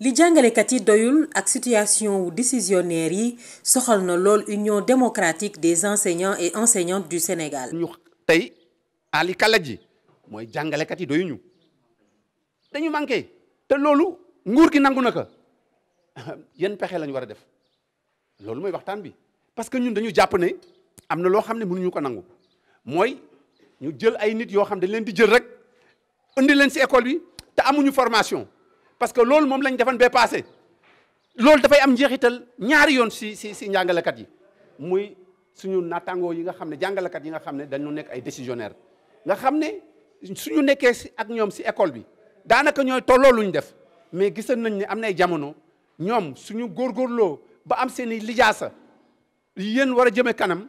li jàngalekat yi doyul ak situation wu décisionnaire yi soxal na lool union démocratique des enseignants et enseignantes du Sénégal. ñu tey Ali kala ji mooy jàngalekat yi doyuñu dañu manqué te loolu nguur gi nangu na ko yan pexe la war a def loolu mooy waxtaan bi parce que ñun dañu jàpp ne am na loo xam ne mënuñu ko nangu mooy ñu jël ay nit yoo xam da leen di jël rek indi leen si école bi te amuñu formation parce que loolu moom lañ defan bee passé loolu dafay am njeexital ñaari yoon si si si njàngalekat yi muy suñu nattangoo yi nga xam ne jàngalekat yi nga xam ne dañu nekk ay décisionnaire nga xam ne suñu nekkee si ak ñoom si école bi daanaka ñooy tolloo luñ def mais gisan nañ ne am na ay jamono ñoom suñu góorgóorloo ba am seen i lijaasa yéen war a jëme kanam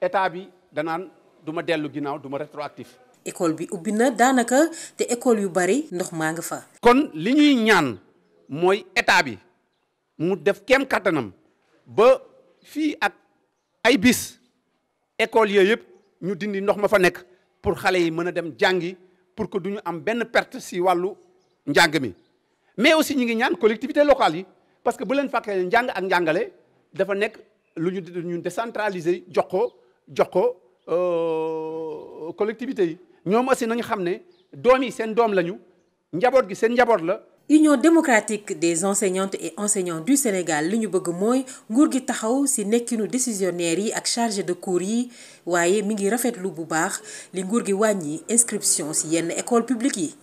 état danaan du ma dellu ginnaaw du ma rétroactif. école bi ubbi na daanaka te école yu bari ndox maa nga fa. kon li ñuy ñaan mooy état bi mu def kem kàttanam ba fii ak ay bis école yooyu yëpp ñu dindi ndox ma fa nekk pour xale yi mën a dem jàngi pour que du ñu am benn perte si wàllu njàng mi mais aussi ñu ngi ñaan collectivité locale yi parce que bu leen fàkkee njàng ak njàngale dafa nekk lu ñu ñu décentraliser jox ko jox ko. Euh, collectivités yi ñoom aussi nañu xam ne doom yi seen doom lañu njaboot gi seen njaboot la. Union démocratique des enseignantes et enseignants du Sénégal li ñu bëgg mooy nguur gi taxaw ci nekkinu décisionnaire yi ak chargé de cours yi waaye mi ngi rafetlu bu baax li nguur gi wàññi inscription ci yenn école publique yi.